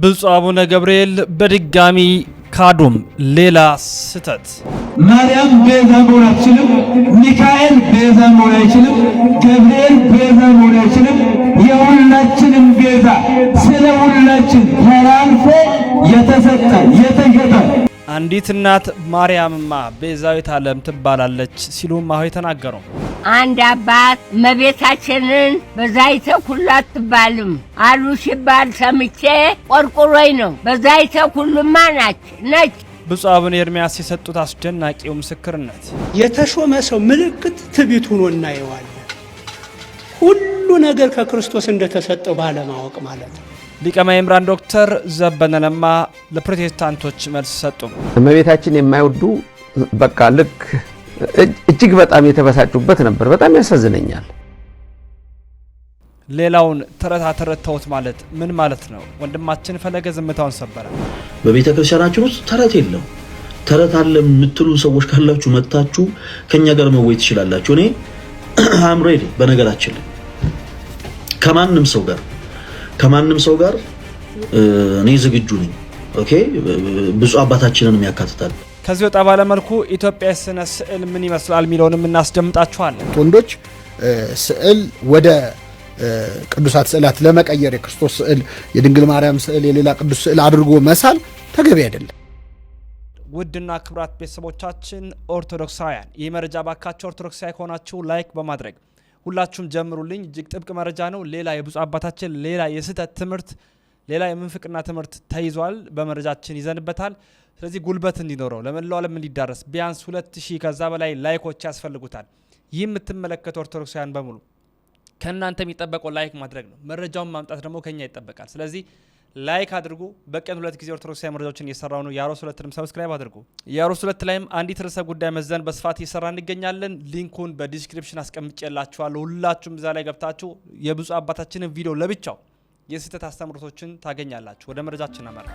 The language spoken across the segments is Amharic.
ብፁዕ አቡነ ገብርኤል በድጋሚ ካዱም። ሌላ ስህተት ማርያም ቤዛ መሆን አትችልም፣ ሚካኤል ቤዛ መሆን አይችልም፣ ገብርኤል ቤዛ መሆን አይችልም። የሁላችንም ቤዛ ስለ ሁላችን ተራርፎ የተሰጠ የተገጠ አንዲት እናት ማርያምማ ቤዛዊት ዓለም ትባላለች ሲሉ እማሆይ ተናገሩ። አንድ አባት እመቤታችንን በዛይተ ኩሉ አትባልም አሉ ሲባል ሰምቼ ቆርቁሮኝ ነው። በዛይተ ኩሉማ ናች ነች። ብፁዕ አቡነ ኤርምያስ የሰጡት አስደናቂው ምስክርነት የተሾመ ሰው ምልክት ትቢት ሆኖ እናየዋለን። ሁሉ ነገር ከክርስቶስ እንደተሰጠው ባለማወቅ ማለት ነው። ሊቀ ማእምራን ዶክተር ዘበነ ለማ ለፕሮቴስታንቶች መልስ ሰጡ። እመቤታችን የማይወዱ በቃ ልክ እጅግ በጣም የተበሳጩበት ነበር። በጣም ያሳዝነኛል። ሌላውን ተረታ ተረታውት ማለት ምን ማለት ነው? ወንድማችን ፈለገ ዝምታውን ሰበረ። በቤተ ክርስቲያናችን ውስጥ ተረት የለም። ተረት አለ የምትሉ ሰዎች ካላችሁ መጥታችሁ ከኛ ጋር መወይ ትችላላችሁ። እኔ አምሬድ በነገራችን ላይ ከማንም ሰው ጋር ከማንም ሰው ጋር እኔ ዝግጁ ነኝ። ኦኬ ብፁዕ አባታችንንም ያካትታል። ከዚህ ወጣ ባለመልኩ ኢትዮጵያ ስነ ስዕል ምን ይመስላል የሚለውንም እናስደምጣችኋለን። ወንዶች ስዕል ወደ ቅዱሳት ስዕላት ለመቀየር የክርስቶስ ስዕል፣ የድንግል ማርያም ስዕል፣ የሌላ ቅዱስ ስዕል አድርጎ መሳል ተገቢ አይደለም። ውድና ክብራት ቤተሰቦቻችን ኦርቶዶክሳውያን ይህ መረጃ ባካቸው ኦርቶዶክሳዊ ከሆናችሁ ላይክ በማድረግ ሁላችሁም ጀምሩልኝ። እጅግ ጥብቅ መረጃ ነው። ሌላ የብዙ አባታችን ሌላ የስህተት ትምህርት ሌላ የምንፍቅና ትምህርት ተይዟል። በመረጃችን ይዘንበታል። ስለዚህ ጉልበት እንዲኖረው ለመላው ዓለም እንዲዳረስ ቢያንስ ሁለት ሺህ ከዛ በላይ ላይኮች ያስፈልጉታል። ይህ የምትመለከቱ ኦርቶዶክሳውያን በሙሉ ከእናንተ የሚጠበቀው ላይክ ማድረግ ነው። መረጃውን ማምጣት ደግሞ ከኛ ይጠበቃል። ስለዚህ ላይክ አድርጉ። በቀን ሁለት ጊዜ ኦርቶዶክሳዊ መረጃዎችን እየሰራው ነው። የአሮስ ሁለትንም ሰብስክራይብ አድርጉ። የአሮስ ሁለት ላይም አንዲት ርዕሰ ጉዳይ መዘን በስፋት እየሰራ እንገኛለን። ሊንኩን በዲስክሪፕሽን አስቀምጬላችኋለሁ። ሁላችሁም እዛ ላይ ገብታችሁ የብዙ አባታችንን ቪዲዮ ለብቻው የስህተት አስተምሮቶችን ታገኛላችሁ። ወደ መረጃችን አመራ።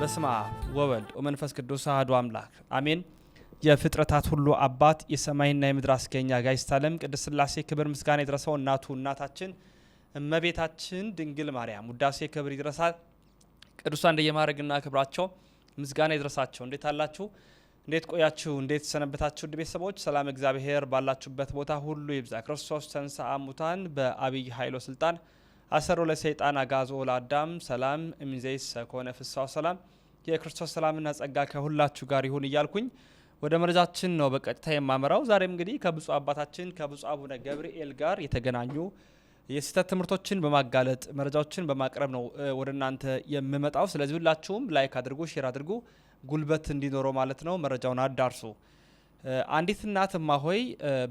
በስመ አብ ወወልድ ወመንፈስ ቅዱስ አሐዱ አምላክ አሜን። የፍጥረታት ሁሉ አባት የሰማይና የምድር አስገኛ ጋይስት ዓለም ቅድስት ሥላሴ ክብር ምስጋና የደረሰው እናቱ እናታችን እመቤታችን ድንግል ማርያም ውዳሴ ክብር ይድረሳል። ቅዱሳን እንደየማድረግና ክብራቸው ምስጋና ይድረሳቸው። እንዴት አላችሁ? እንዴት ቆያችሁ? እንዴት ሰነበታችሁ? ውድ ቤተሰቦች ሰላም እግዚአብሔር ባላችሁበት ቦታ ሁሉ ይብዛ። ክርስቶስ ተንሥአ እሙታን በአብይ ኃይሎ ስልጣን አሰሮ ለሰይጣን አጋዞ ለአዳም ሰላም እምይእዜሰ ኮነ ፍስሐ ሰላም። የክርስቶስ ሰላምና ጸጋ ከሁላችሁ ጋር ይሁን እያልኩኝ ወደ መረጃችን ነው በቀጥታ የማመራው። ዛሬም እንግዲህ ከብፁዕ አባታችን ከብፁዕ አቡነ ገብርኤል ጋር የተገናኙ የስህተት ትምህርቶችን በማጋለጥ መረጃዎችን በማቅረብ ነው ወደ እናንተ የምመጣው። ስለዚህ ሁላችሁም ላይክ አድርጉ፣ ሼር አድርጉ፣ ጉልበት እንዲኖረው ማለት ነው። መረጃውን አዳርሱ። አንዲት እናት እማሆይ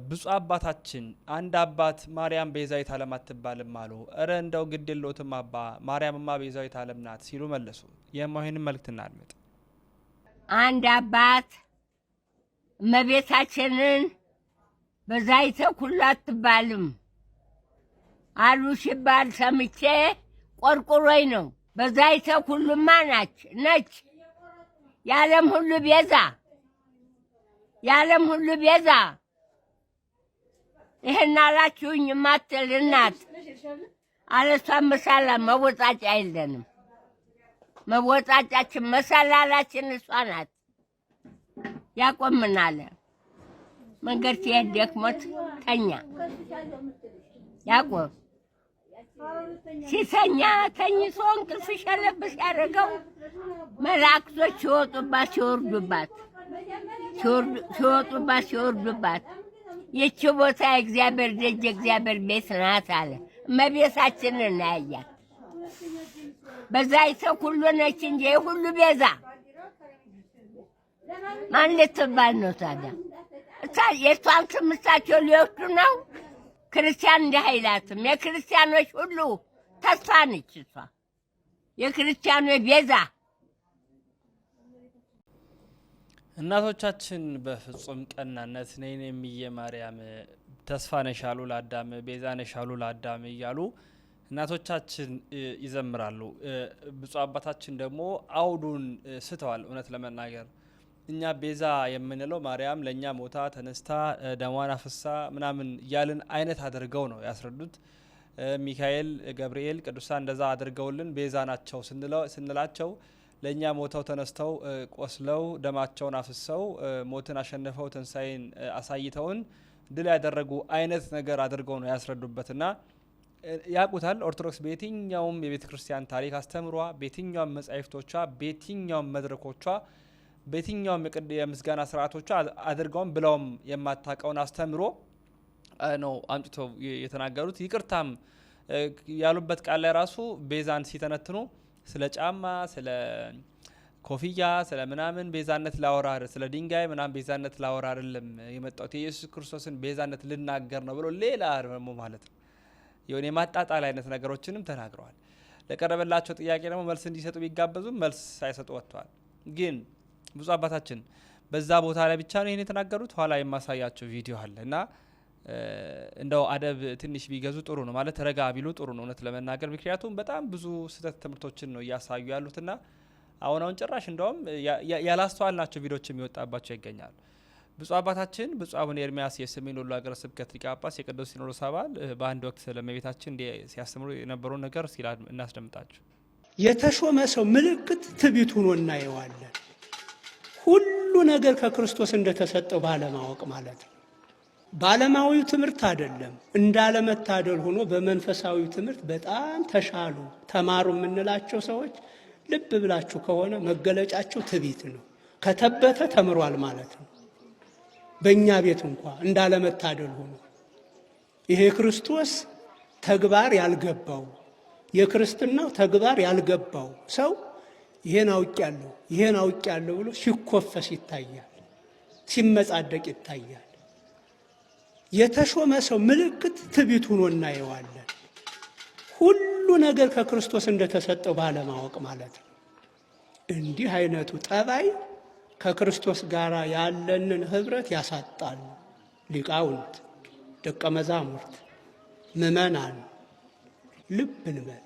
ብፁዕ አባታችን አንድ አባት ማርያም ቤዛዊት ዓለም አትባልም አሉ። እረ እንደው ግድ የለዎትም አባ ማርያምማ ቤዛዊት ዓለም ናት ሲሉ መለሱ። የእማሆይንም መልእክት እናድምጥ። አንድ አባት እመቤታችንን በዛይተ ኩሉ አትባልም አሉ ሲባል ሰምቼ ቆርቁሮኝ ነው። በዛይተ ኩሉማ ናች ነች የዓለም ሁሉ ቤዛ የዓለም ሁሉ ቤዛ ይህን አላችሁኝ ማትልናት እናት አለሷ መሳላ መወጣጫ የለንም። መወጣጫችን መሳላላችን እሷ ናት። ያቆምናል። መንገድ ሲሄድ ደክሞት ተኛ። ያቆም ሲተኛ ተኝቶ እንቅልፍ ሸለብ ሲያደርገው መላእክቶች ሲወጡባት ሲወርዱባት ሲወጡባት ሲወርዱባት ይቺ ቦታ የእግዚአብሔር ደጅ የእግዚአብሔር ቤት ናት አለ። እመቤታችንን እናያያት በዛ ይተኩሉ ነች እንጂ ሁሉ ቤዛ ማን ልትባል ነው ታዲያ? እሳ የእሷን ስም እሳቸው ሊወስዱ ነው። ክርስቲያን እንዲህ አይላትም። የክርስቲያኖች ሁሉ ተስፋ ነች እሷ የክርስቲያኑ ቤዛ። እናቶቻችን በፍጹም ቀናነት ነይን የሚየ ማርያም ተስፋ ነሻሉ ለአዳም ቤዛ ነሻሉ ለአዳም እያሉ እናቶቻችን ይዘምራሉ። ብፁዕ አባታችን ደግሞ አውዱን ስተዋል እውነት ለመናገር እኛ ቤዛ የምንለው ማርያም ለእኛ ሞታ ተነስታ ደሟን አፍሳ ምናምን እያልን አይነት አድርገው ነው ያስረዱት። ሚካኤል፣ ገብርኤል ቅዱሳን እንደዛ አድርገውልን ቤዛ ናቸው ስንላቸው ለእኛ ሞተው ተነስተው ቆስለው ደማቸውን አፍሰው ሞትን አሸንፈው ትንሣኤን አሳይተውን ድል ያደረጉ አይነት ነገር አድርገው ነው ያስረዱበትና ያቁታል። ኦርቶዶክስ በየትኛውም የቤተ ክርስቲያን ታሪክ አስተምሯ፣ በየትኛውም መጻሕፍቶቿ፣ በየትኛውም መድረኮቿ በየትኛውም የምስጋና ስርዓቶቹ አድርገውም ብለውም የማታቀውን አስተምሮ ነው አምጭተው የተናገሩት። ይቅርታም ያሉበት ቃል ላይ ራሱ ቤዛን ሲተነትኑ ስለ ጫማ፣ ስለ ኮፍያ፣ ስለ ምናምን ቤዛነት ላወራር፣ ስለ ድንጋይ ምናምን ቤዛነት ላወራርልም የመጣት የመጣሁት የኢየሱስ ክርስቶስን ቤዛነት ልናገር ነው ብሎ ሌላ ደግሞ ማለት ነው የሆነ የማጣጣል አይነት ነገሮችንም ተናግረዋል። ለቀረበላቸው ጥያቄ ደግሞ መልስ እንዲሰጡ ቢጋበዙም መልስ ሳይሰጡ ወጥተዋል ግን ብዙ አባታችን በዛ ቦታ ላይ ብቻ ነው ይህን የተናገሩት። ኋላ የማሳያቸው ቪዲዮ አለ እና እንደው አደብ ትንሽ ቢገዙ ጥሩ ነው ማለት ረጋ ቢሉ ጥሩ ነው እውነት ለመናገር ምክንያቱም በጣም ብዙ ስህተት ትምህርቶችን ነው እያሳዩ ያሉትና አሁን አሁን ጭራሽ እንደውም ያላስተዋል ናቸው ቪዲዮዎች የሚወጣባቸው ይገኛሉ። ብፁዕ አባታችን ብፁዕ አቡነ ኤርሚያስ የሰሜን ወሎ ሀገረ ስብከት ሊቀ ጳጳስ የቅዱስ ሲኖዶስ አባል በአንድ ወቅት ስለእመቤታችን ሲያስተምሩ የነበረውን ነገር እናስደምጣችሁ። የተሾመ ሰው ምልክት ትቢት ሆኖ እናየዋለን። ሁሉ ነገር ከክርስቶስ እንደተሰጠው ባለማወቅ ማለት ነው። በዓለማዊው ትምህርት አይደለም፣ እንዳለመታደል ሆኖ በመንፈሳዊ ትምህርት በጣም ተሻሉ ተማሩ የምንላቸው ሰዎች ልብ ብላችሁ ከሆነ መገለጫቸው ትቢት ነው። ከተበተ ተምሯል ማለት ነው። በእኛ ቤት እንኳ እንዳለመታደል ሆኖ ይሄ ክርስቶስ ተግባር ያልገባው የክርስትናው ተግባር ያልገባው ሰው ይሄን አውቄያለሁ ይሄን አውቄያለሁ ብሎ ሲኮፈስ ይታያል፣ ሲመጻደቅ ይታያል። የተሾመ ሰው ምልክት ትቢት ሆኖ እናየዋለን። ሁሉ ነገር ከክርስቶስ እንደተሰጠው ባለማወቅ ማለት ነው። እንዲህ አይነቱ ጠባይ ከክርስቶስ ጋር ያለንን ኅብረት ያሳጣል። ሊቃውንት፣ ደቀ መዛሙርት፣ ምእመናን ልብ እንበል።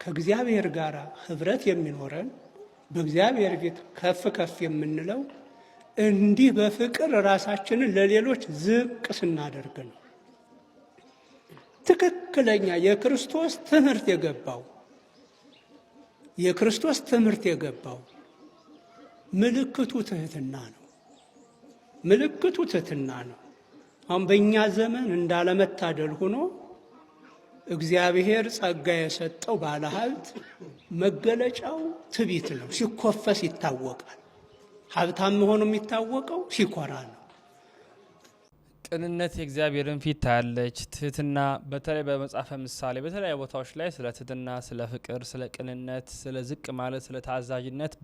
ከእግዚአብሔር ጋር ኅብረት የሚኖረን በእግዚአብሔር ፊት ከፍ ከፍ የምንለው እንዲህ በፍቅር ራሳችንን ለሌሎች ዝቅ ስናደርግ ነው። ትክክለኛ የክርስቶስ ትምህርት የገባው የክርስቶስ ትምህርት የገባው ምልክቱ ትህትና ነው። ምልክቱ ትህትና ነው። አሁን በእኛ ዘመን እንዳለመታደል ሆኖ እግዚአብሔር ጸጋ የሰጠው ባለሀብት መገለጫው ትቢት ነው። ሲኮፈስ ይታወቃል። ሀብታም መሆኑ የሚታወቀው ሲኮራ ነው። ቅንነት የእግዚአብሔርን ፊት ታያለች። ትህትና በተለይ በመጽሐፈ ምሳሌ በተለያዩ ቦታዎች ላይ ስለ ትህትና፣ ስለ ፍቅር፣ ስለ ቅንነት፣ ስለ ዝቅ ማለት፣ ስለ ታዛዥነት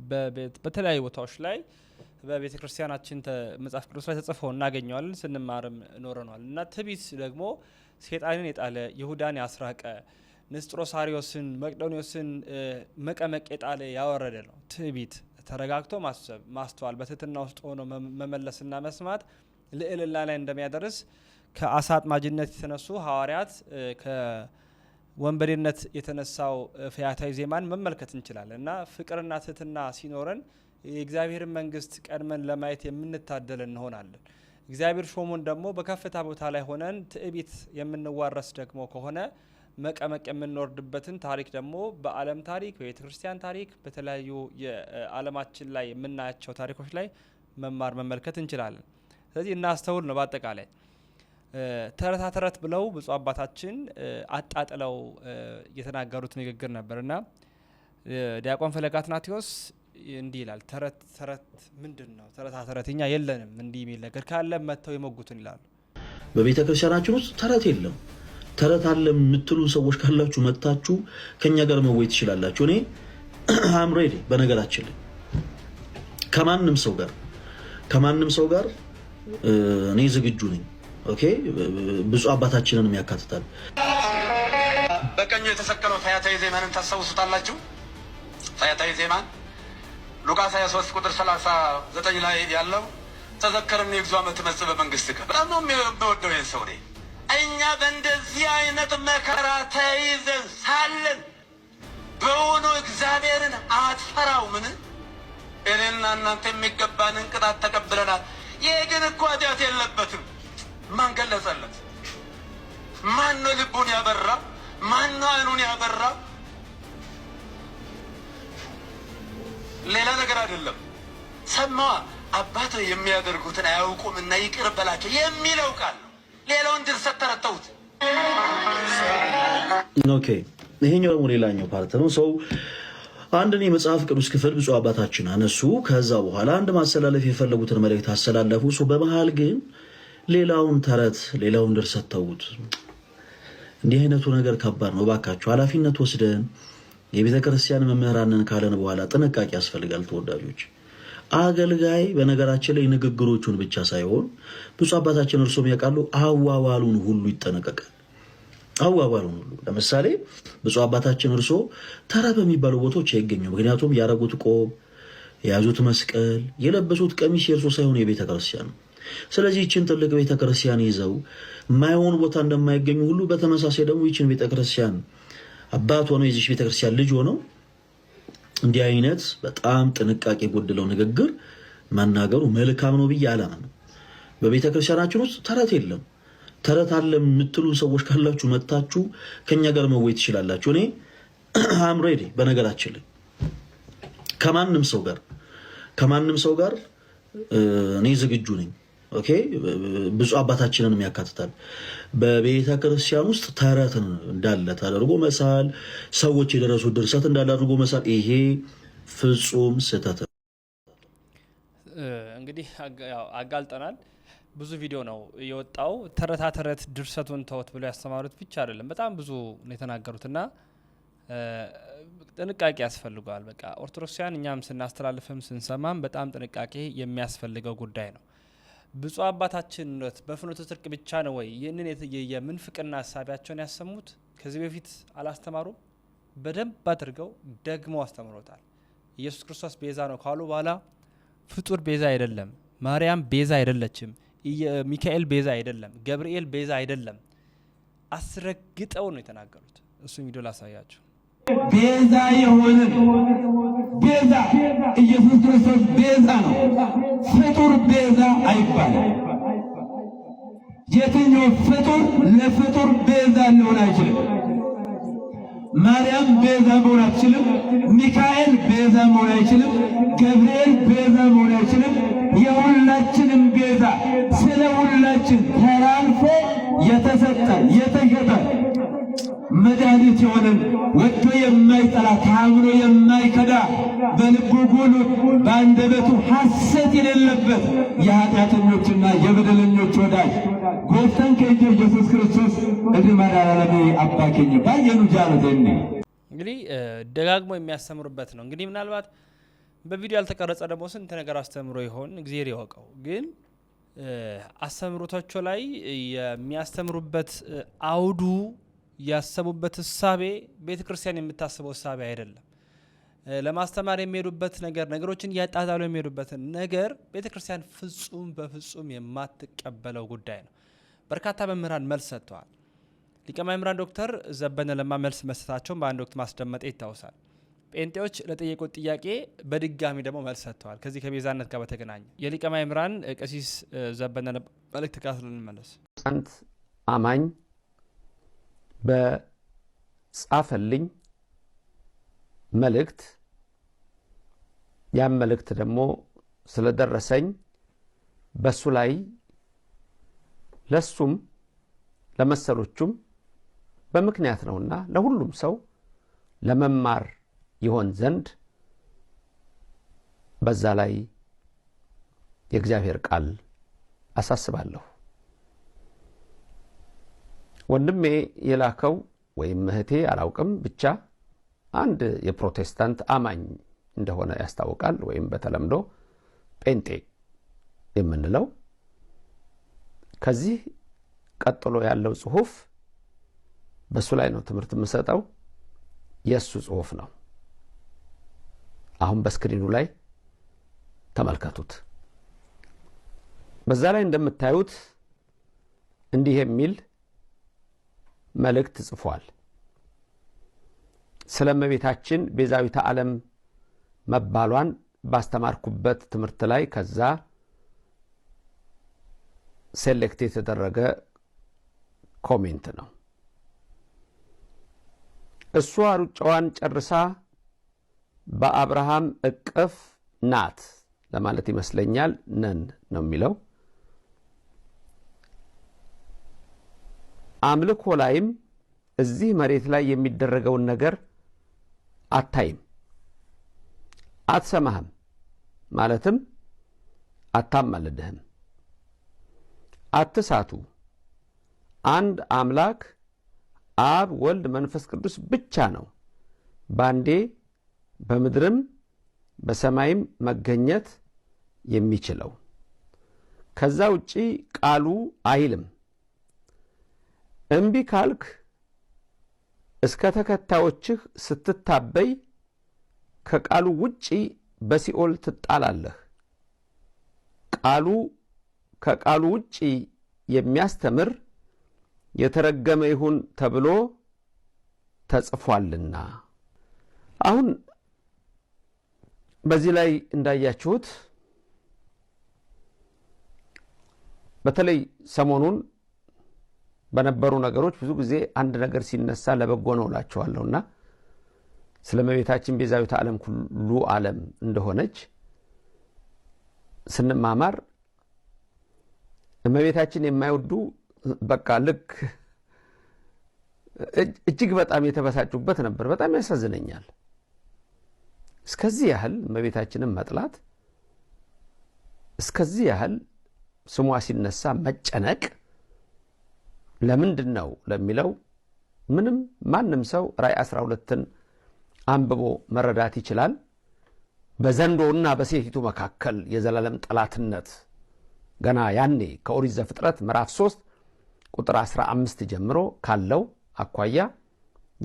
በተለያዩ ቦታዎች ላይ በቤተ ክርስቲያናችን መጽሐፍ ቅዱስ ላይ ተጽፎ እናገኘዋለን። ስንማርም ኖረኗል እና ትቢት ደግሞ ሴጣንን የጣለ ይሁዳን ያስራቀ ንስጥሮሳሪዮስን መቅዶኒዮስን መቀመቅ የጣለ ያወረደ ነው። ትዕቢት ተረጋግቶ ማሰብ ማስተዋል፣ በትህትና ውስጥ ሆኖ መመለስና መስማት ልዕልና ላይ እንደሚያደርስ ከአሳ አጥማጅነት የተነሱ ሐዋርያት ከወንበዴነት የተነሳው ፈያታዊ ዜማን መመልከት እንችላለን እና ፍቅርና ትህትና ሲኖረን የእግዚአብሔርን መንግስት ቀድመን ለማየት የምንታደል እንሆናለን። እግዚአብሔር ሾሞን ደግሞ በከፍታ ቦታ ላይ ሆነን ትዕቢት የምንዋረስ ደግሞ ከሆነ መቀመቅ የምንወርድበትን ታሪክ ደግሞ በዓለም ታሪክ በቤተ ክርስቲያን ታሪክ በተለያዩ የዓለማችን ላይ የምናያቸው ታሪኮች ላይ መማር መመልከት እንችላለን። ስለዚህ እናስተውል ነው። በአጠቃላይ ተረታ ተረት ብለው ብፁዕ አባታችን አጣጥለው የተናገሩት ንግግር ነበር እና ዲያቆን ፈለጋትናቴዎስ እንዲህ ይላል ተረት ተረት ምንድን ነው ተረታ ተረትኛ የለንም እንዲህ የሚል ነገር ካለ መጥተው የሞጉትን ይላሉ በቤተ ክርስቲያናችን ውስጥ ተረት የለም ተረት አለ የምትሉ ሰዎች ካላችሁ መጥታችሁ ከኛ ጋር መወይ ትችላላችሁ እኔ አምሬዴ በነገራችን ላይ ከማንም ሰው ጋር ከማንም ሰው ጋር እኔ ዝግጁ ነኝ ኦኬ ብዙ አባታችንንም ያካትታል በቀኙ የተሰቀለው ፈያታዊ ዜማንን ታስታውሱታላችሁ ፈያታዊ ዜማን ሉቃስ 23 ቁጥር 39 ላይ ያለው ተዘከርኒ እግዚኦ እምትመጽእ በመንግሥትከ። በጣም ነው የሚወደው ይህን ሰው። እኛ በእንደዚህ አይነት መከራ ተይዘን ሳለን በሆኑ እግዚአብሔርን አትፈራው? ምን እኔና እናንተ የሚገባንን ቅጣት ተቀብለናል። ይህ ግን እኮ ኃጢአት የለበትም። ማን ገለጸለት? ማን ነው ልቡን ያበራ? ማን ነው አይኑን ያበራ? ሌላ ነገር አይደለም። ሰማዋ አባት የሚያደርጉትን አያውቁም እና ይቅር በላቸው የሚለው ቃል ነው። ሌላውን ድርሰት ተረተውት። ኦኬ ይሄኛው ደግሞ ሌላኛው ፓርት ነው። ሰው አንድን የመጽሐፍ ቅዱስ ክፍል ብፁዕ አባታችን አነሱ። ከዛ በኋላ አንድ ማስተላለፍ የፈለጉትን መልእክት አስተላለፉ። በመሃል ግን ሌላውን ተረት ሌላውን ድርሰት ተዉት። እንዲህ አይነቱ ነገር ከባድ ነው። እባካችሁ ኃላፊነት ወስደን የቤተ ክርስቲያን መምህራንን ካለን በኋላ ጥንቃቄ ያስፈልጋል። ተወዳጆች አገልጋይ በነገራችን ላይ ንግግሮቹን ብቻ ሳይሆን ብፁዕ አባታችን እርሶም ያውቃሉ፣ አዋዋሉን ሁሉ ይጠነቀቃል። አዋዋሉን ሁሉ ለምሳሌ ብፁዕ አባታችን እርሶ ተራ በሚባሉ ቦታዎች አይገኙ። ምክንያቱም ያረጉት ቆብ፣ የያዙት መስቀል፣ የለበሱት ቀሚስ የእርሶ ሳይሆን የቤተ ክርስቲያን ነው። ስለዚህ ይችን ትልቅ ቤተ ክርስቲያን ይዘው ማይሆን ቦታ እንደማይገኙ ሁሉ በተመሳሳይ ደግሞ ይችን ቤተ ክርስቲያን አባት ሆኖ የዚች ቤተክርስቲያን ልጅ ሆነው እንዲህ አይነት በጣም ጥንቃቄ የጎደለው ንግግር መናገሩ መልካም ነው ብዬ አላምንም። በቤተ ውስጥ ተረት የለም። ተረት አለ የምትሉ ሰዎች ካላችሁ መታችሁ ከኛ ጋር መወይ ትችላላችሁ። እኔ አምሬዴ በነገራችን ላይ ከማንም ሰው ጋር ከማንም ሰው ጋር እኔ ዝግጁ ነኝ። ኦኬ ብፁዕ አባታችንን ያካትታል። በቤተ ክርስቲያን ውስጥ ተረትን እንዳለ ተደርጎ መሳል፣ ሰዎች የደረሱ ድርሰት እንዳለ አድርጎ መሳል፣ ይሄ ፍጹም ስህተት እንግዲህ አጋልጠናል። ብዙ ቪዲዮ ነው የወጣው። ተረታ ተረት ድርሰቱን ተወት ብሎ ያስተማሩት ብቻ አይደለም፣ በጣም ብዙ ነው የተናገሩትና ጥንቃቄ ያስፈልገዋል። በቃ ኦርቶዶክሲያን እኛም ስናስተላልፍም ስንሰማም በጣም ጥንቃቄ የሚያስፈልገው ጉዳይ ነው። ብፁዕ አባታችን በፍኖተ ጽድቅ ብቻ ነው ወይ ይህንን የምንፍቅና ሀሳቢያቸውን ያሰሙት? ከዚህ በፊት አላስተማሩም? በደንብ አድርገው ደግመው አስተምሮታል። ኢየሱስ ክርስቶስ ቤዛ ነው ካሉ በኋላ ፍጡር ቤዛ አይደለም፣ ማርያም ቤዛ አይደለችም፣ ሚካኤል ቤዛ አይደለም፣ ገብርኤል ቤዛ አይደለም። አስረግጠው ነው የተናገሩት። እሱም ቪዲዮ ላሳያችሁ። ቤዛ የሆነ ቤዛ ኢየሱስ ክርስቶስ ቤዛ ነው፣ ፍጡር ቤዛ የትኛው ፍጡር ለፍጡር ቤዛ ሊሆን አይችልም። ማርያም ቤዛ መሆን አትችልም። ሚካኤል ቤዛ መሆን አይችልም። ገብርኤል ቤዛ መሆን አይችልም። የሁላችንም ቤዛ ስለ ሁላችን ተላልፎ የተሰጠ የተሸጠ መድኃኒት የሆነን ወጥቶ የማይጠላ ታምኖ የማይከዳ በልቡ ጉሉት በአንደበቱ ሐሰት የሌለበት የኃጢአተኞችና የበደለኞች ወዳጅ ጎፍተን ከእጀ ኢየሱስ ክርስቶስ እድመዳላለሜ አባኬኝ ባየኑ ጃሉት ኒ እንግዲህ ደጋግሞ የሚያስተምርበት ነው። እንግዲህ ምናልባት በቪዲዮ ያልተቀረጸ ደግሞ ስንት ነገር አስተምሮ ይሆን እግዚአብሔር ያውቀው ግን አስተምሮታቸው ላይ የሚያስተምሩበት አውዱ ያሰቡበት እሳቤ ቤተ ክርስቲያን የምታስበው እሳቤ አይደለም። ለማስተማር የሚሄዱበት ነገር ነገሮችን እያጣጣሉ የሚሄዱበትን ነገር ቤተ ክርስቲያን ፍጹም በፍጹም የማትቀበለው ጉዳይ ነው። በርካታ መምህራን መልስ ሰጥተዋል። ሊቀ መምህራን ዶክተር ዘበነ ለማ መልስ መስጠታቸውን በአንድ ወቅት ማስደመጠ ይታወሳል። ጴንጤዎች ለጠየቁት ጥያቄ በድጋሚ ደግሞ መልስ ሰጥተዋል። ከዚህ ከቤዛነት ጋር በተገናኘ የሊቀ መምህራን ቀሲስ ዘበነ መልእክት መልስ አማኝ በጻፈልኝ መልእክት ያም መልእክት ደግሞ ስለደረሰኝ በሱ ላይ ለሱም ለመሰሎቹም በምክንያት ነውና ለሁሉም ሰው ለመማር ይሆን ዘንድ በዛ ላይ የእግዚአብሔር ቃል አሳስባለሁ። ወንድሜ የላከው ወይም እህቴ አላውቅም፣ ብቻ አንድ የፕሮቴስታንት አማኝ እንደሆነ ያስታውቃል። ወይም በተለምዶ ጴንጤ የምንለው ከዚህ ቀጥሎ ያለው ጽሁፍ በእሱ ላይ ነው ትምህርት የምሰጠው። የእሱ ጽሁፍ ነው። አሁን በስክሪኑ ላይ ተመልከቱት። በዛ ላይ እንደምታዩት እንዲህ የሚል መልእክት ጽፏል። ስለ እመቤታችን ቤዛዊተ ዓለም መባሏን ባስተማርኩበት ትምህርት ላይ ከዛ ሴሌክት የተደረገ ኮሜንት ነው። እሷ ሩጫዋን ጨርሳ በአብርሃም እቅፍ ናት ለማለት ይመስለኛል። ነን ነው የሚለው አምልኮ ላይም እዚህ መሬት ላይ የሚደረገውን ነገር አታይም፣ አትሰማህም፣ ማለትም አታማልድህም። አትሳቱ፣ አንድ አምላክ አብ ወልድ መንፈስ ቅዱስ ብቻ ነው ባንዴ በምድርም በሰማይም መገኘት የሚችለው። ከዛ ውጪ ቃሉ አይልም። እምቢ ካልክ እስከ ተከታዮችህ ስትታበይ ከቃሉ ውጪ በሲኦል ትጣላለህ። ቃሉ ከቃሉ ውጪ የሚያስተምር የተረገመ ይሁን ተብሎ ተጽፏልና። አሁን በዚህ ላይ እንዳያችሁት በተለይ ሰሞኑን በነበሩ ነገሮች ብዙ ጊዜ አንድ ነገር ሲነሳ ለበጎ ነው እላቸዋለሁና ስለ እመቤታችን ቤዛዊት ዓለም ሁሉ ዓለም እንደሆነች ስንማማር መቤታችን የማይወዱ በቃ ልክ እጅግ በጣም የተበሳጩበት ነበር። በጣም ያሳዝነኛል። እስከዚህ ያህል እመቤታችንን መጥላት፣ እስከዚህ ያህል ስሟ ሲነሳ መጨነቅ ለምንድን ነው ለሚለው ምንም ማንም ሰው ራይ 12ን አንብቦ መረዳት ይችላል። በዘንዶና በሴቲቱ መካከል የዘላለም ጠላትነት ገና ያኔ ከኦሪት ዘፍጥረት ምዕራፍ 3 ቁጥር 15 ጀምሮ ካለው አኳያ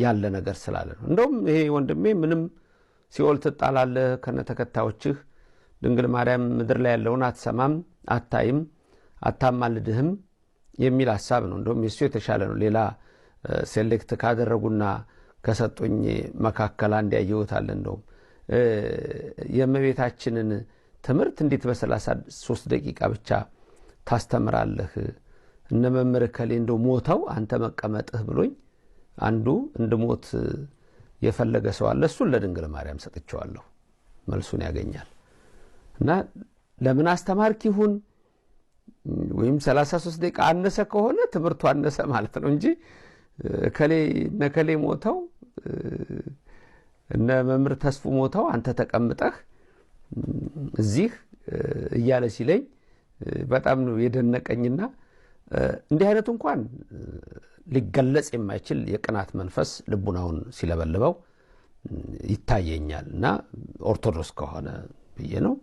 ያለ ነገር ስላለ ነው። እንደውም ይሄ ወንድሜ ምንም ሲኦል ትጣላለህ ከነ ተከታዮችህ፣ ድንግል ማርያም ምድር ላይ ያለውን አትሰማም፣ አታይም፣ አታማልድህም የሚል ሀሳብ ነው። እንደውም የሱ የተሻለ ነው። ሌላ ሴሌክት ካደረጉና ከሰጡኝ መካከል አንድ ያየሁታል። እንደውም የእመቤታችንን ትምህርት እንዴት በሰላሳ ሶስት ደቂቃ ብቻ ታስተምራለህ? እነ መምህር እከሌ እንደው ሞተው አንተ መቀመጥህ ብሎኝ አንዱ እንድሞት የፈለገ ሰው አለ። እሱን ለድንግል ማርያም ሰጥቼዋለሁ። መልሱን ያገኛል እና ለምን አስተማርክ ይሁን ወይም 33 ደቂቃ አነሰ ከሆነ ትምህርቱ አነሰ ማለት ነው እንጂ እከሌ እነ ሞተው እነ መምህር ተስፉ ሞተው አንተ ተቀምጠህ እዚህ እያለ ሲለኝ በጣም ነው የደነቀኝና እንዲህ አይነቱ እንኳን ሊገለጽ የማይችል የቅናት መንፈስ ልቡናውን ሲለበልበው ይታየኛል እና ኦርቶዶክስ ከሆነ ብዬ ነው።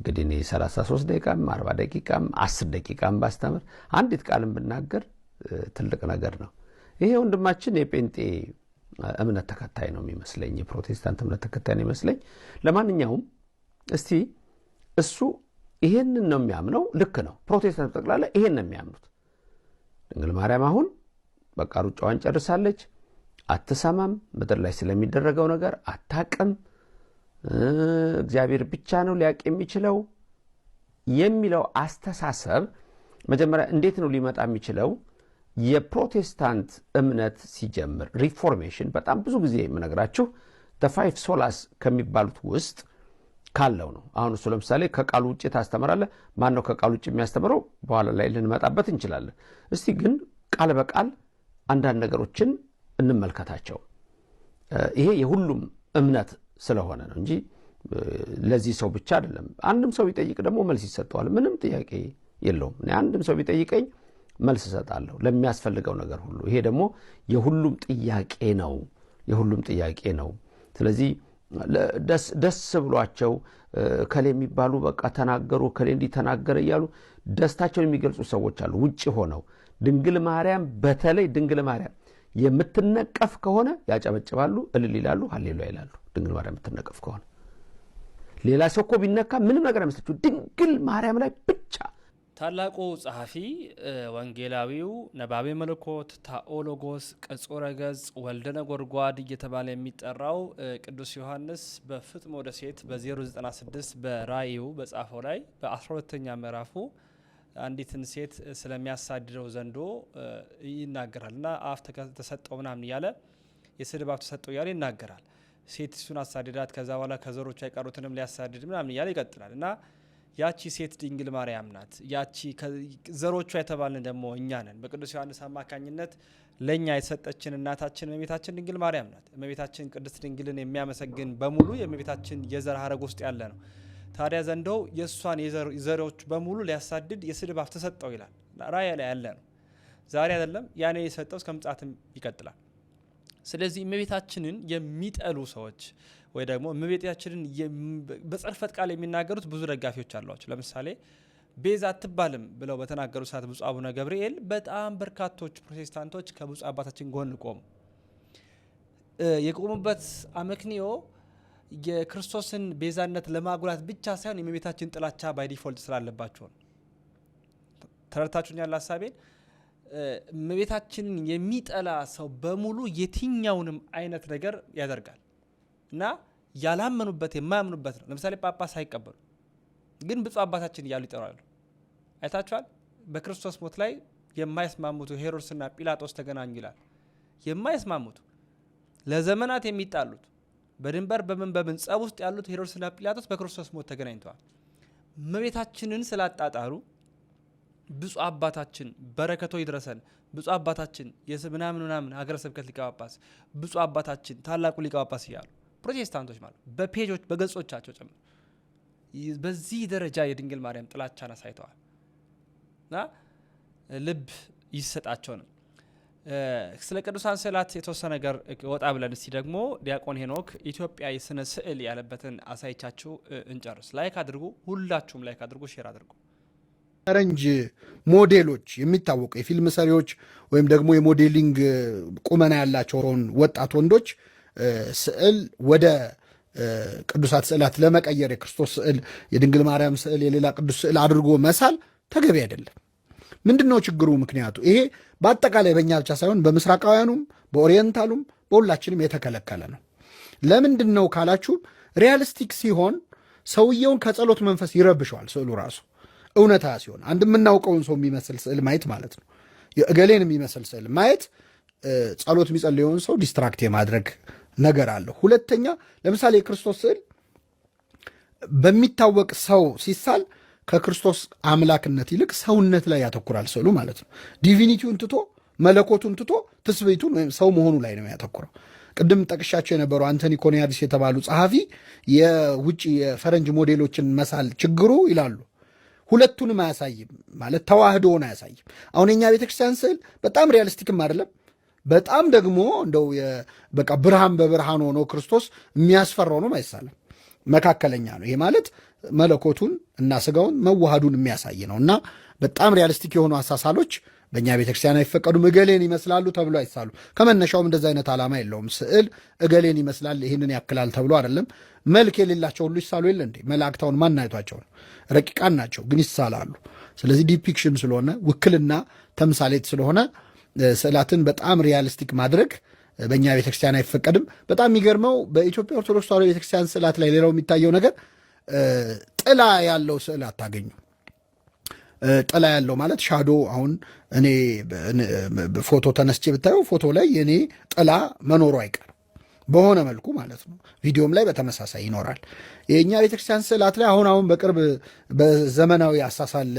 እንግዲህ እኔ 33 ደቂቃም 40 ደቂቃም 10 ደቂቃም ባስተምር አንዲት ቃልም ብናገር ትልቅ ነገር ነው። ይሄ ወንድማችን የጴንጤ እምነት ተከታይ ነው የሚመስለኝ፣ የፕሮቴስታንት እምነት ተከታይ ነው የሚመስለኝ። ለማንኛውም እስቲ እሱ ይሄንን ነው የሚያምነው። ልክ ነው። ፕሮቴስታንት ጠቅላላ ይሄን ነው የሚያምኑት። ድንግል ማርያም አሁን በቃ ሩጫዋን ጨርሳለች፣ አትሰማም፣ ምድር ላይ ስለሚደረገው ነገር አታቅም። እግዚአብሔር ብቻ ነው ሊያውቅ የሚችለው የሚለው አስተሳሰብ መጀመሪያ እንዴት ነው ሊመጣ የሚችለው? የፕሮቴስታንት እምነት ሲጀምር ሪፎርሜሽን፣ በጣም ብዙ ጊዜ የምነግራችሁ ተፋይፍ ሶላስ ከሚባሉት ውስጥ ካለው ነው። አሁን እሱ ለምሳሌ ከቃሉ ውጭ ታስተምራለ ማን ነው ከቃሉ ውጭ የሚያስተምረው? በኋላ ላይ ልንመጣበት እንችላለን። እስቲ ግን ቃል በቃል አንዳንድ ነገሮችን እንመልከታቸው። ይሄ የሁሉም እምነት ስለሆነ ነው እንጂ ለዚህ ሰው ብቻ አይደለም። አንድም ሰው ቢጠይቅ ደግሞ መልስ ይሰጠዋል። ምንም ጥያቄ የለውም። አንድም ሰው ቢጠይቀኝ መልስ እሰጣለሁ ለሚያስፈልገው ነገር ሁሉ። ይሄ ደግሞ የሁሉም ጥያቄ ነው፣ የሁሉም ጥያቄ ነው። ስለዚህ ደስ ብሏቸው ከሌ የሚባሉ በቃ ተናገሩ፣ ከሌ እንዲህ ተናገረ እያሉ ደስታቸውን የሚገልጹ ሰዎች አሉ። ውጭ ሆነው ድንግል ማርያም በተለይ ድንግል ማርያም የምትነቀፍ ከሆነ ያጨበጭባሉ፣ እልል ይላሉ፣ ሀሌሉ ይላሉ። ድንግል ማርያም የምትነቀፍ ከሆነ ሌላ ሰው እኮ ቢነካ ምንም ነገር አይመስለችው ድንግል ማርያም ላይ ብቻ። ታላቁ ጸሐፊ ወንጌላዊው ነባቤ መለኮት ታኦሎጎስ ቅጹረ ገጽ ወልደ ነጎድጓድ እየተባለ የሚጠራው ቅዱስ ዮሐንስ በፍጥሞ ደሴት በ096 በራእዩ በጻፈው ላይ በ12ተኛ ምዕራፉ አንዲትን ሴት ስለሚያሳድደው ዘንዶ ይናገራል እና አፍ ተሰጠው ምናምን እያለ የስድብ አፍ ተሰጠው እያለ ይናገራል። ሴት እሱን አሳድዳት ከዛ በኋላ ከዘሮቿ አይቀሩትንም ሊያሳድድ ምናምን እያለ ይቀጥላል እና ያቺ ሴት ድንግል ማርያም ናት። ያቺ ዘሮቿ የተባልን ደግሞ እኛ ነን። በቅዱስ ዮሐንስ አማካኝነት ለእኛ የሰጠችን እናታችን እመቤታችን ድንግል ማርያም ናት። እመቤታችን ቅድስት ድንግልን የሚያመሰግን በሙሉ የእመቤታችን የዘር ሀረግ ውስጥ ያለ ነው። ታዲያ ዘንዶ የእሷን ዘሮች በሙሉ ሊያሳድድ የስድብ አፍ ተሰጠው ይላል ራእይ ላይ ያለ ነው። ዛሬ አይደለም ያኔ የሰጠው እስከ ምጽአትም ይቀጥላል። ስለዚህ እመቤታችንን የሚጠሉ ሰዎች ወይ ደግሞ እመቤታችንን በጽርፈት ቃል የሚናገሩት ብዙ ደጋፊዎች አሏቸው። ለምሳሌ ቤዛ አትባልም ብለው በተናገሩ ሰዓት ብፁዕ አቡነ ገብርኤል በጣም በርካቶች ፕሮቴስታንቶች ከብፁዕ አባታችን ጎን ቆሙ። የቆሙበት አመክንዮ የክርስቶስን ቤዛነት ለማጉላት ብቻ ሳይሆን የእመቤታችን ጥላቻ ባይ ዲፎልት ስላለባቸው ነው። ተረድታችሁኛል ሀሳቤን? እመቤታችንን የሚጠላ ሰው በሙሉ የትኛውንም አይነት ነገር ያደርጋል እና ያላመኑበት የማያምኑበት ነው። ለምሳሌ ጳጳስ አይቀበሉ፣ ግን ብፁ አባታችን እያሉ ይጠራሉ። አይታችኋል። በክርስቶስ ሞት ላይ የማይስማሙቱ ሄሮድስና ጲላጦስ ተገናኙ ይላል። የማይስማሙቱ ለዘመናት የሚጣሉት በድንበር በምን በምን ጸብ ውስጥ ያሉት ሄሮድስና ጲላጦስ በክርስቶስ ሞት ተገናኝተዋል። እመቤታችንን ስላጣጣሉ ብፁ አባታችን በረከቶ ይድረሰን። ብፁ አባታችን የምናምን ምናምን ሀገረ ስብከት ሊቀ ጳጳስ፣ አባታችን ታላቁ ሊቀ ጳጳስ እያሉ ፕሮቴስታንቶች ማለት በፔጆች በገጾቻቸው ጭምር በዚህ ደረጃ የድንግል ማርያም ጥላቻን አሳይተዋል እና ልብ ይሰጣቸው ነው። ስለ ቅዱሳን ስዕላት የተወሰነ ነገር ወጣ ብለን እስቲ ደግሞ ዲያቆን ሄኖክ ኢትዮጵያ የስነ ስዕል ያለበትን አሳይቻችሁ እንጨርስ። ላይክ አድርጉ፣ ሁላችሁም ላይክ አድርጉ፣ ሼር አድርጉ። ፈረንጅ ሞዴሎች የሚታወቁ የፊልም ሰሪዎች ወይም ደግሞ የሞዴሊንግ ቁመና ያላቸውን ወጣት ወንዶች ስዕል ወደ ቅዱሳት ስዕላት ለመቀየር የክርስቶስ ስዕል፣ የድንግል ማርያም ስዕል፣ የሌላ ቅዱስ ስዕል አድርጎ መሳል ተገቢ አይደለም። ምንድን ነው ችግሩ? ምክንያቱ ይሄ በአጠቃላይ በእኛ ብቻ ሳይሆን በምስራቃውያኑም በኦሪየንታሉም በሁላችንም የተከለከለ ነው። ለምንድን ነው ካላችሁ ሪያሊስቲክ ሲሆን ሰውየውን ከጸሎት መንፈስ ይረብሸዋል ስዕሉ ራሱ እውነታ ሲሆን አንድ የምናውቀውን ሰው የሚመስል ስዕል ማየት ማለት ነው። እገሌን የሚመስል ስዕል ማየት ጸሎት የሚጸልየውን ሰው ዲስትራክት የማድረግ ነገር አለ። ሁለተኛ ለምሳሌ የክርስቶስ ስዕል በሚታወቅ ሰው ሲሳል ከክርስቶስ አምላክነት ይልቅ ሰውነት ላይ ያተኩራል ስዕሉ ማለት ነው። ዲቪኒቲውን ትቶ መለኮቱን ትቶ ትስብእቱን ወይም ሰው መሆኑ ላይ ነው ያተኩረው። ቅድም ጠቅሻቸው የነበረው አንቶኒ ኮኒያዲስ የተባሉ ጸሐፊ የውጭ የፈረንጅ ሞዴሎችን መሳል ችግሩ ይላሉ ሁለቱንም አያሳይም ማለት ተዋህዶውን አያሳይም። አሁን የኛ ቤተክርስቲያን ስዕል በጣም ሪያሊስቲክም አይደለም በጣም ደግሞ እንደው በቃ ብርሃን በብርሃን ሆኖ ክርስቶስ የሚያስፈራው ነው አይሳለም። መካከለኛ ነው። ይሄ ማለት መለኮቱን እና ስጋውን መዋሃዱን የሚያሳይ ነው እና በጣም ሪያሊስቲክ የሆኑ አሳሳሎች በእኛ ቤተክርስቲያን አይፈቀዱም፣ እገሌን ይመስላሉ ተብሎ አይሳሉ። ከመነሻውም እንደዚ አይነት ዓላማ የለውም። ስዕል እገሌን ይመስላል ይህንን ያክላል ተብሎ አይደለም። መልክ የሌላቸው ሁሉ ይሳሉ የለ እንዴ? መላእክታውን ማናየቷቸው ነው? ረቂቃን ናቸው ግን ይሳላሉ። ስለዚህ ዲፒክሽን ስለሆነ ውክልና ተምሳሌት ስለሆነ ስዕላትን በጣም ሪያሊስቲክ ማድረግ በእኛ ቤተክርስቲያን አይፈቀድም። በጣም የሚገርመው በኢትዮጵያ ኦርቶዶክስ ተዋሕዶ ቤተክርስቲያን ስዕላት ላይ ሌላው የሚታየው ነገር ጥላ ያለው ስዕል አታገኙ ጥላ ያለው ማለት ሻዶ። አሁን እኔ ፎቶ ተነስቼ ብታየው ፎቶ ላይ የእኔ ጥላ መኖሩ አይቀርም በሆነ መልኩ ማለት ነው። ቪዲዮም ላይ በተመሳሳይ ይኖራል። የእኛ ቤተክርስቲያን ስዕላት ላይ አሁን አሁን በቅርብ በዘመናዊ አሳሳል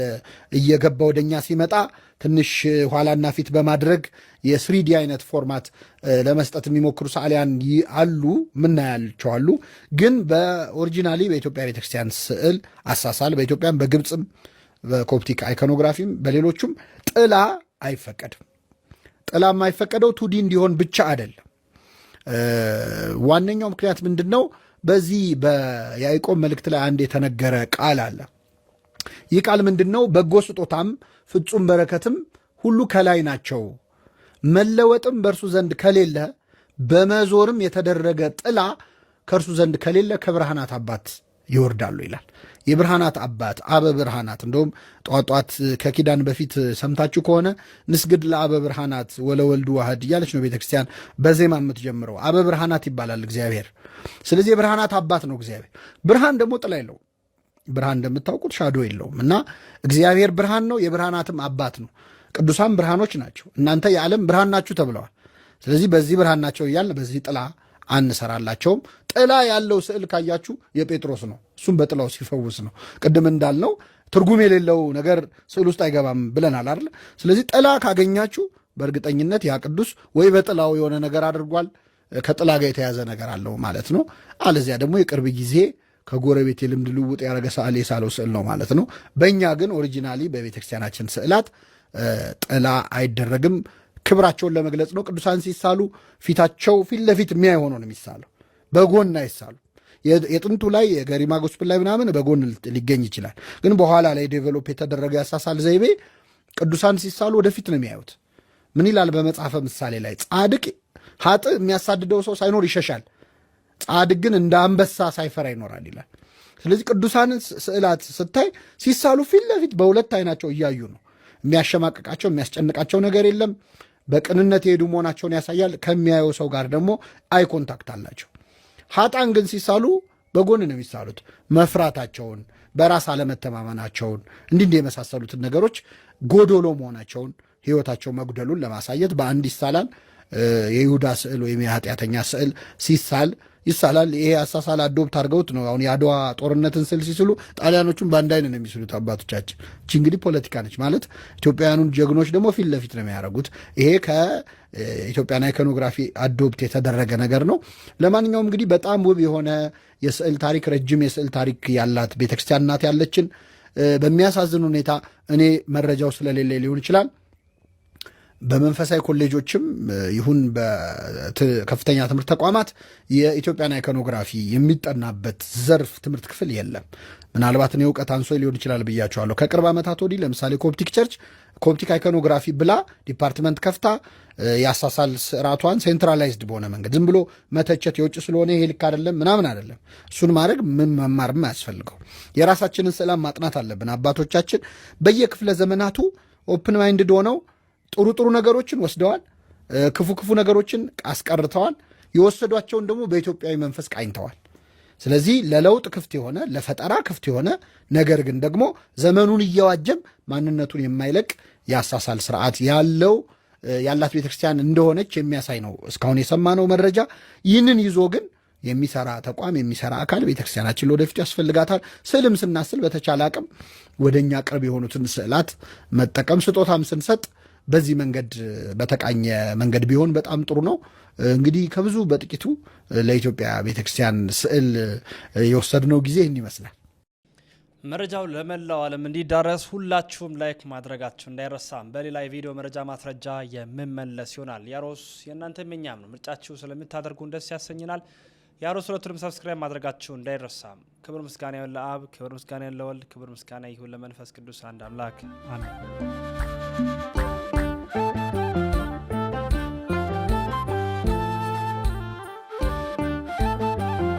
እየገባ ወደኛ ሲመጣ ትንሽ ኋላና ፊት በማድረግ የስሪዲ አይነት ፎርማት ለመስጠት የሚሞክሩ ሰዓሊያን አሉ፣ ምናያቸዋሉ። ግን በኦሪጂናሊ በኢትዮጵያ ቤተክርስቲያን ስዕል አሳሳል በኢትዮጵያም በግብፅም በኮፕቲክ አይኮኖግራፊም በሌሎቹም ጥላ አይፈቀድም። ጥላ የማይፈቀደው ቱዲ እንዲሆን ብቻ አይደለም። ዋነኛው ምክንያት ምንድን ነው? በዚህ በያዕቆብ መልእክት ላይ አንድ የተነገረ ቃል አለ። ይህ ቃል ምንድን ነው? በጎ ስጦታም ፍጹም በረከትም ሁሉ ከላይ ናቸው፣ መለወጥም በእርሱ ዘንድ ከሌለ በመዞርም የተደረገ ጥላ ከእርሱ ዘንድ ከሌለ ከብርሃናት አባት ይወርዳሉ ይላል። የብርሃናት አባት አበ ብርሃናት እንደውም ጧጧት ከኪዳን በፊት ሰምታችሁ ከሆነ ንስግድ ለአበ ብርሃናት ወለወልድ ዋህድ እያለች ነው ቤተክርስቲያን በዜማ የምትጀምረው። አበ ብርሃናት ይባላል እግዚአብሔር። ስለዚህ የብርሃናት አባት ነው እግዚአብሔር። ብርሃን ደግሞ ጥላ የለውም። ብርሃን እንደምታውቁት ሻዶ የለውም እና እግዚአብሔር ብርሃን ነው፣ የብርሃናትም አባት ነው። ቅዱሳን ብርሃኖች ናቸው። እናንተ የዓለም ብርሃን ናችሁ ተብለዋል። ስለዚህ በዚህ ብርሃን ናቸው እያልን በዚህ ጥላ አንሰራላቸውም። ጥላ ያለው ስዕል ካያችሁ የጴጥሮስ ነው። እሱም በጥላው ሲፈውስ ነው። ቅድም እንዳልነው ትርጉም የሌለው ነገር ስዕል ውስጥ አይገባም ብለናል አይደል? ስለዚህ ጥላ ካገኛችሁ በእርግጠኝነት ያ ቅዱስ ወይ በጥላው የሆነ ነገር አድርጓል፣ ከጥላ ጋር የተያዘ ነገር አለው ማለት ነው። አለዚያ ደግሞ የቅርብ ጊዜ ከጎረቤት የልምድ ልውጥ ያደረገ ሰዓሊ የሳለው ስዕል ነው ማለት ነው። በእኛ ግን ኦሪጂናሊ በቤተክርስቲያናችን ስዕላት ጥላ አይደረግም። ክብራቸውን ለመግለጽ ነው። ቅዱሳን ሲሳሉ ፊታቸው ፊት ለፊት የሚያይ ሆኖ ነው የሚሳለው፣ በጎን አይሳሉ። የጥንቱ ላይ የገሪማ ጎስፕል ላይ ምናምን በጎን ሊገኝ ይችላል፣ ግን በኋላ ላይ ዴቨሎፕ የተደረገ ያሳሳል ዘይቤ ቅዱሳን ሲሳሉ ወደፊት ነው የሚያዩት። ምን ይላል በመጽሐፈ ምሳሌ ላይ ጻድቅ ሀጥ የሚያሳድደው ሰው ሳይኖር ይሸሻል፣ ጻድቅ ግን እንደ አንበሳ ሳይፈራ ይኖራል ይላል። ስለዚህ ቅዱሳንን ስዕላት ስታይ ሲሳሉ ፊት ለፊት በሁለት አይናቸው እያዩ ነው። የሚያሸማቅቃቸው የሚያስጨንቃቸው ነገር የለም። በቅንነት የሄዱ መሆናቸውን ያሳያል። ከሚያየው ሰው ጋር ደግሞ አይ ኮንታክት አላቸው። ሀጣን ግን ሲሳሉ በጎን ነው የሚሳሉት። መፍራታቸውን፣ በራስ አለመተማመናቸውን እንዲህ የመሳሰሉትን ነገሮች ጎዶሎ መሆናቸውን ህይወታቸው መጉደሉን ለማሳየት በአንድ ይሳላል። የይሁዳ ስዕል ወይም የኃጢአተኛ ስዕል ሲሳል ይሳላል። ይሄ አሳሳል አዶብት አድርገውት ነው አሁን የአድዋ ጦርነትን ስል ሲስሉ ጣሊያኖቹን በአንድ አይነት ነው የሚስሉት አባቶቻችን። እቺ እንግዲህ ፖለቲካ ነች ማለት። ኢትዮጵያውያኑን ጀግኖች ደግሞ ፊት ለፊት ነው የሚያደርጉት። ይሄ ከኢትዮጵያን አይኮኖግራፊ አዶብት የተደረገ ነገር ነው። ለማንኛውም እንግዲህ በጣም ውብ የሆነ የስዕል ታሪክ፣ ረጅም የስዕል ታሪክ ያላት ቤተክርስቲያን ናት ያለችን። በሚያሳዝን ሁኔታ እኔ መረጃው ስለሌለ ሊሆን ይችላል በመንፈሳዊ ኮሌጆችም ይሁን በከፍተኛ ትምህርት ተቋማት የኢትዮጵያን አይኮኖግራፊ የሚጠናበት ዘርፍ ትምህርት ክፍል የለም። ምናልባት እኔ እውቀት አንሶ ሊሆን ይችላል ብያቸዋለሁ። ከቅርብ ዓመታት ወዲህ ለምሳሌ ኮፕቲክ ቸርች ኮፕቲክ አይኮኖግራፊ ብላ ዲፓርትመንት ከፍታ የአሳሳል ስርዓቷን ሴንትራላይዝድ በሆነ መንገድ ዝም ብሎ መተቸት የውጭ ስለሆነ ይሄ ልክ አይደለም ምናምን አይደለም። እሱን ማድረግ ምን መማርም አያስፈልገው። የራሳችንን ስዕላም ማጥናት አለብን። አባቶቻችን በየክፍለ ዘመናቱ ኦፕን ማይንድድ ሆነው ጥሩ ጥሩ ነገሮችን ወስደዋል፣ ክፉ ክፉ ነገሮችን አስቀርተዋል። የወሰዷቸውን ደግሞ በኢትዮጵያዊ መንፈስ ቃኝተዋል። ስለዚህ ለለውጥ ክፍት የሆነ ለፈጠራ ክፍት የሆነ ነገር ግን ደግሞ ዘመኑን እየዋጀም ማንነቱን የማይለቅ የአሳሳል ስርዓት ያለው ያላት ቤተክርስቲያን እንደሆነች የሚያሳይ ነው እስካሁን የሰማነው መረጃ። ይህንን ይዞ ግን የሚሰራ ተቋም የሚሰራ አካል ቤተክርስቲያናችን ለወደፊቱ ያስፈልጋታል። ስዕልም ስናስል በተቻለ አቅም ወደ እኛ ቅርብ የሆኑትን ስዕላት መጠቀም ስጦታም ስንሰጥ በዚህ መንገድ በተቃኘ መንገድ ቢሆን በጣም ጥሩ ነው። እንግዲህ ከብዙ በጥቂቱ ለኢትዮጵያ ቤተክርስቲያን ስዕል የወሰድነው ጊዜ ይህን ይመስላል። መረጃው ለመላው ዓለም እንዲዳረስ ሁላችሁም ላይክ ማድረጋችሁ እንዳይረሳም። በሌላ የቪዲዮ መረጃ ማስረጃ የምመለስ ይሆናል። ያሮስ የእናንተ የኛም ነው። ምርጫችሁ ስለምታደርጉን ደስ ያሰኝናል። ያሮስ ሁለቱንም ሰብስክራይብ ማድረጋችሁ እንዳይረሳም። ክብር ምስጋና ይሁን ለአብ፣ ክብር ምስጋና ይሁን ለወልድ፣ ክብር ምስጋና ይሁን ለመንፈስ ቅዱስ አንድ አምላክ አሜን። Thank you.